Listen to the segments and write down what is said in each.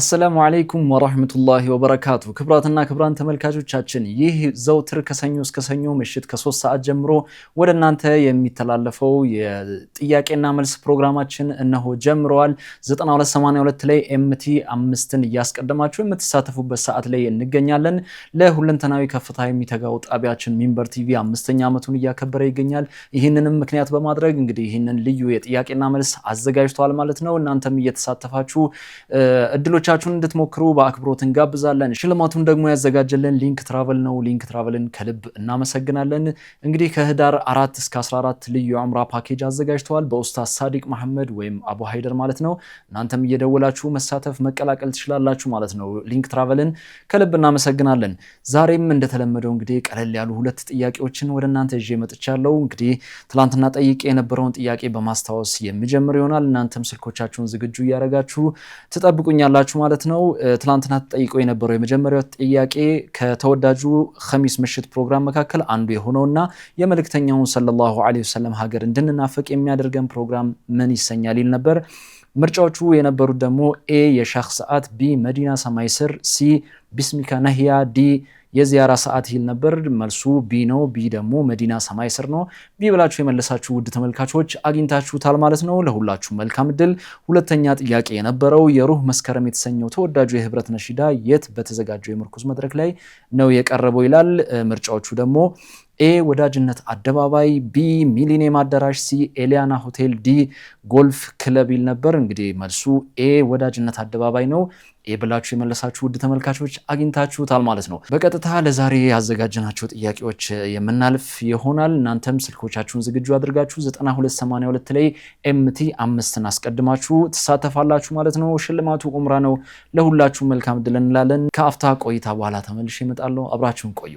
አሰላሙ አለይኩም ወራህመቱላሂ ወበረካቱ። ክብራትና ክብራን ተመልካቾቻችን ይህ ዘውትር ከሰኞ እስከ ሰኞ ምሽት ከሶስት ሰዓት ጀምሮ ወደ እናንተ የሚተላለፈው የጥያቄና መልስ ፕሮግራማችን እነሆ ጀምረዋል። 9282 ላይ ኤምቲ አምስትን እያስቀደማችሁ የምትሳተፉበት ሰዓት ላይ እንገኛለን። ለሁለንተናዊ ከፍታ የሚተጋው ጣቢያችን ሚንበር ቲቪ አምስተኛ ዓመቱን እያከበረ ይገኛል። ይህንንም ምክንያት በማድረግ እንግዲህ ይህንን ልዩ የጥያቄና መልስ አዘጋጅተዋል ማለት ነው። እናንተም እየተሳተፋችሁ እድሎች ብዙዎቻችሁን እንድትሞክሩ በአክብሮት እንጋብዛለን። ሽልማቱን ደግሞ ያዘጋጀልን ሊንክ ትራቨል ነው። ሊንክ ትራቨልን ከልብ እናመሰግናለን። እንግዲህ ከህዳር 4 እስከ 14 ልዩ አምራ ፓኬጅ አዘጋጅተዋል በኡስታዝ ሳዲቅ መሐመድ ወይም አቡ ሀይደር ማለት ነው። እናንተም እየደወላችሁ መሳተፍ መቀላቀል ትችላላችሁ ማለት ነው። ሊንክ ትራቨልን ከልብ እናመሰግናለን። ዛሬም እንደተለመደው እንግዲህ ቀለል ያሉ ሁለት ጥያቄዎችን ወደ እናንተ ይዤ መጥቻለሁ። እንግዲህ ትላንትና ጠይቄ የነበረውን ጥያቄ በማስታወስ የሚጀምር ይሆናል። እናንተም ስልኮቻችሁን ዝግጁ እያደረጋችሁ ትጠብቁኛላችሁ አድማጮች ማለት ነው። ትላንትና ተጠይቆ የነበረው የመጀመሪያው ጥያቄ ከተወዳጁ ኸሚስ ምሽት ፕሮግራም መካከል አንዱ የሆነውና የመልእክተኛውን ሰለላሁ ዐለይሂ ወሰለም ሀገር እንድንናፈቅ የሚያደርገን ፕሮግራም ምን ይሰኛል ይል ነበር። ምርጫዎቹ የነበሩት ደግሞ ኤ የሻህ ሰዓት፣ ቢ መዲና ሰማይ ስር፣ ሲ ቢስሚካ ነህያ፣ ዲ የዚያራ ሰዓት ይል ነበር። መልሱ ቢ ነው። ቢ ደግሞ መዲና ሰማይ ስር ነው። ቢ ብላችሁ የመለሳችሁ ውድ ተመልካቾች አግኝታችሁታል ማለት ነው። ለሁላችሁ መልካም እድል። ሁለተኛ ጥያቄ የነበረው የሩህ መስከረም የተሰኘው ተወዳጁ የህብረት ነሺዳ የት በተዘጋጀው የምርኩዝ መድረክ ላይ ነው የቀረበው ይላል። ምርጫዎቹ ደግሞ ኤ ወዳጅነት አደባባይ፣ ቢ ሚሊኒየም አዳራሽ፣ ሲ ኤሊያና ሆቴል፣ ዲ ጎልፍ ክለብ ይል ነበር። እንግዲህ መልሱ ኤ ወዳጅነት አደባባይ ነው። ኤ ብላችሁ የመለሳችሁ ውድ ተመልካቾች አግኝታችሁታል ማለት ነው። በቀጥታ ለዛሬ ያዘጋጀናቸው ጥያቄዎች የምናልፍ ይሆናል። እናንተም ስልኮቻችሁን ዝግጁ አድርጋችሁ 9282 ላይ ኤምቲ አምስትን አስቀድማችሁ ትሳተፋላችሁ ማለት ነው። ሽልማቱ ኡምራ ነው። ለሁላችሁም መልካም እድል እንላለን። ከአፍታ ቆይታ በኋላ ተመልሼ እመጣለሁ። አብራችሁን ቆዩ።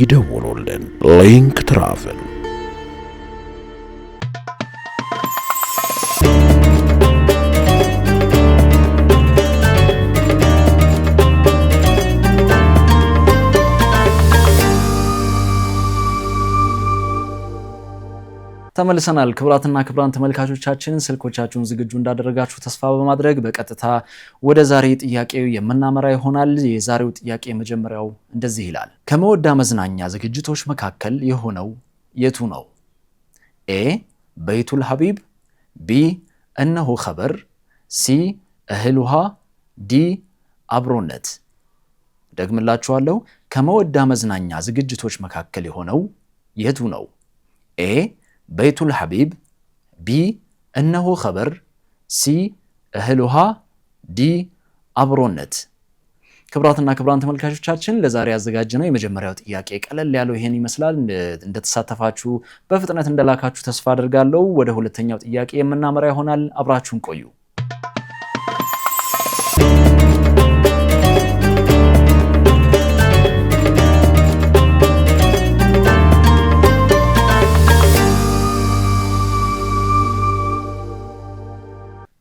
ይደውሉልን። ሊንክ ትራቭል ተመልሰናል። ክብራትና ክብራን ተመልካቾቻችን ስልኮቻችሁን ዝግጁ እንዳደረጋችሁ ተስፋ በማድረግ በቀጥታ ወደ ዛሬ ጥያቄው የምናመራ ይሆናል። የዛሬው ጥያቄ መጀመሪያው እንደዚህ ይላል። ከመወዳ መዝናኛ ዝግጅቶች መካከል የሆነው የቱ ነው? ኤ በይቱል ሀቢብ፣ ቢ እነሆ ኸበር፣ ሲ እህል ውሃ፣ ዲ አብሮነት። ደግምላችኋለሁ። ከመወዳ መዝናኛ ዝግጅቶች መካከል የሆነው የቱ ነው? ኤ በይቱል ሐቢብ፣ ቢ እነሆ ኸበር፣ ሲ እህል ውሃ፣ ዲ አብሮነት። ክብራትና ክብራን ተመልካቾቻችን ለዛሬ ነው የመጀመሪያው ጥያቄ ቀለል ያለው ይሄን ይመስላል። እንደተሳተፋችሁ በፍጥነት እንደላካችሁ ተስፋ አድርጋለሁ። ወደ ሁለተኛው ጥያቄ የምናመራ ይሆናል። አብራችሁን ቆዩ።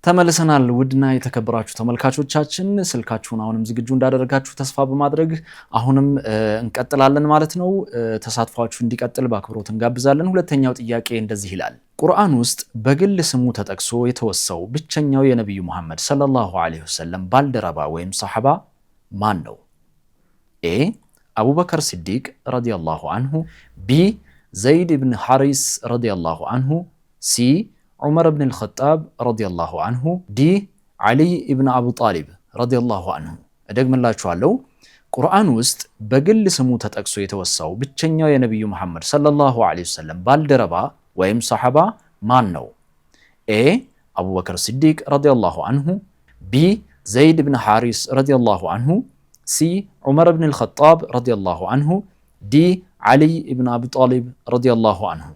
ተመልሰናል ውድና የተከበራችሁ ተመልካቾቻችን፣ ስልካችሁን አሁንም ዝግጁ እንዳደረጋችሁ ተስፋ በማድረግ አሁንም እንቀጥላለን ማለት ነው። ተሳትፏችሁ እንዲቀጥል በአክብሮት እንጋብዛለን። ሁለተኛው ጥያቄ እንደዚህ ይላል። ቁርአን ውስጥ በግል ስሙ ተጠቅሶ የተወሰው ብቸኛው የነቢዩ መሐመድ ሰለላሁ ዐለይሂ ወሰለም ባልደረባ ወይም ሰሐባ ማን ነው? ኤ አቡበከር ሲዲቅ ረዲያላሁ አንሁ፣ ቢ ዘይድ ብን ሐሪስ ረዲየላሁ አንሁ፣ ሲ عمر بن الخطاب رضي الله عنه ዲ ዓሊ ኢብን አቡ ጣሊብ ረዲ ላሁ አንሁ። እደግምላችኋለሁ ቁርአን ውስጥ በግል ስሙ ተጠቅሶ የተወሳው ብቸኛው የነቢዩ መሐመድ ሰለላሁ ዐለይሂ ወሰለም ባልደረባ ወይም ሰሐባ ማን ነው? ኤ አቡበከር ስዲቅ ረዲየላሁ አንሁ፣ ቢ ዘይድ ብን ሐሪስ ረዲየላሁ አንሁ፣ ሲ ዑመር ብን አልኸጣብ ረዲየላሁ አንሁ፣ ዲ ዓሊ ብን አቢ ጣሊብ ረዲየላሁ አንሁ።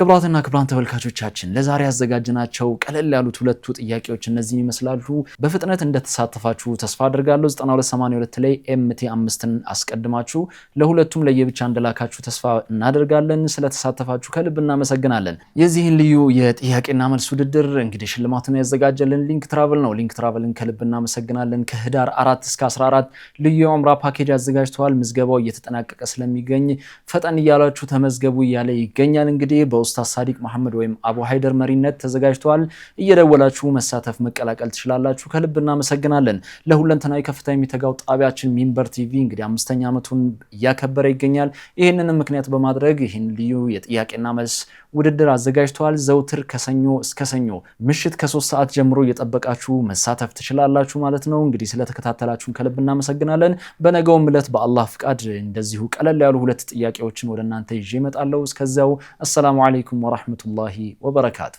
ክብራትና ክብራን ተመልካቾቻችን ለዛሬ ያዘጋጅናቸው ቀለል ያሉት ሁለቱ ጥያቄዎች እነዚህን ይመስላሉ። በፍጥነት እንደተሳተፋችሁ ተስፋ አድርጋለሁ። 9282 ላይ ኤምቲ አምስትን አስቀድማችሁ ለሁለቱም ለየብቻ እንደላካችሁ ተስፋ እናደርጋለን። ስለተሳተፋችሁ ከልብ እናመሰግናለን። የዚህን ልዩ የጥያቄና መልስ ውድድር እንግዲህ ሽልማቱን ያዘጋጀልን ሊንክ ትራቨል ነው። ሊንክ ትራቨልን ከልብ እናመሰግናለን። ከህዳር 4 እስከ 14 ልዩ የአምራ ፓኬጅ አዘጋጅተዋል። ምዝገባው እየተጠናቀቀ ስለሚገኝ ፈጠን እያላችሁ ተመዝገቡ እያለ ይገኛል እንግዲህ በኡስታዝ ሳዲቅ መሐመድ ወይም አቡ ሀይደር መሪነት ተዘጋጅተዋል። እየደወላችሁ መሳተፍ መቀላቀል ትችላላችሁ። ከልብ እናመሰግናለን። ለሁለንተናዊ ከፍታ የሚተጋው ጣቢያችን ሚንበር ቲቪ እንግዲህ አምስተኛ ዓመቱን እያከበረ ይገኛል። ይህንንም ምክንያት በማድረግ ይህን ልዩ የጥያቄና መልስ ውድድር አዘጋጅተዋል። ዘውትር ከሰኞ እስከ ሰኞ ምሽት ከሶስት ሰዓት ጀምሮ እየጠበቃችሁ መሳተፍ ትችላላችሁ ማለት ነው። እንግዲህ ስለተከታተላችሁን ከልብ እናመሰግናለን። በነገውም ዕለት በአላህ ፍቃድ እንደዚሁ ቀለል ያሉ ሁለት ጥያቄዎችን ወደ እናንተ ይዤ እመጣለሁ። እስከዚያው አሰላሙ አለይኩም ወራህመቱላሂ ወበረካቱ።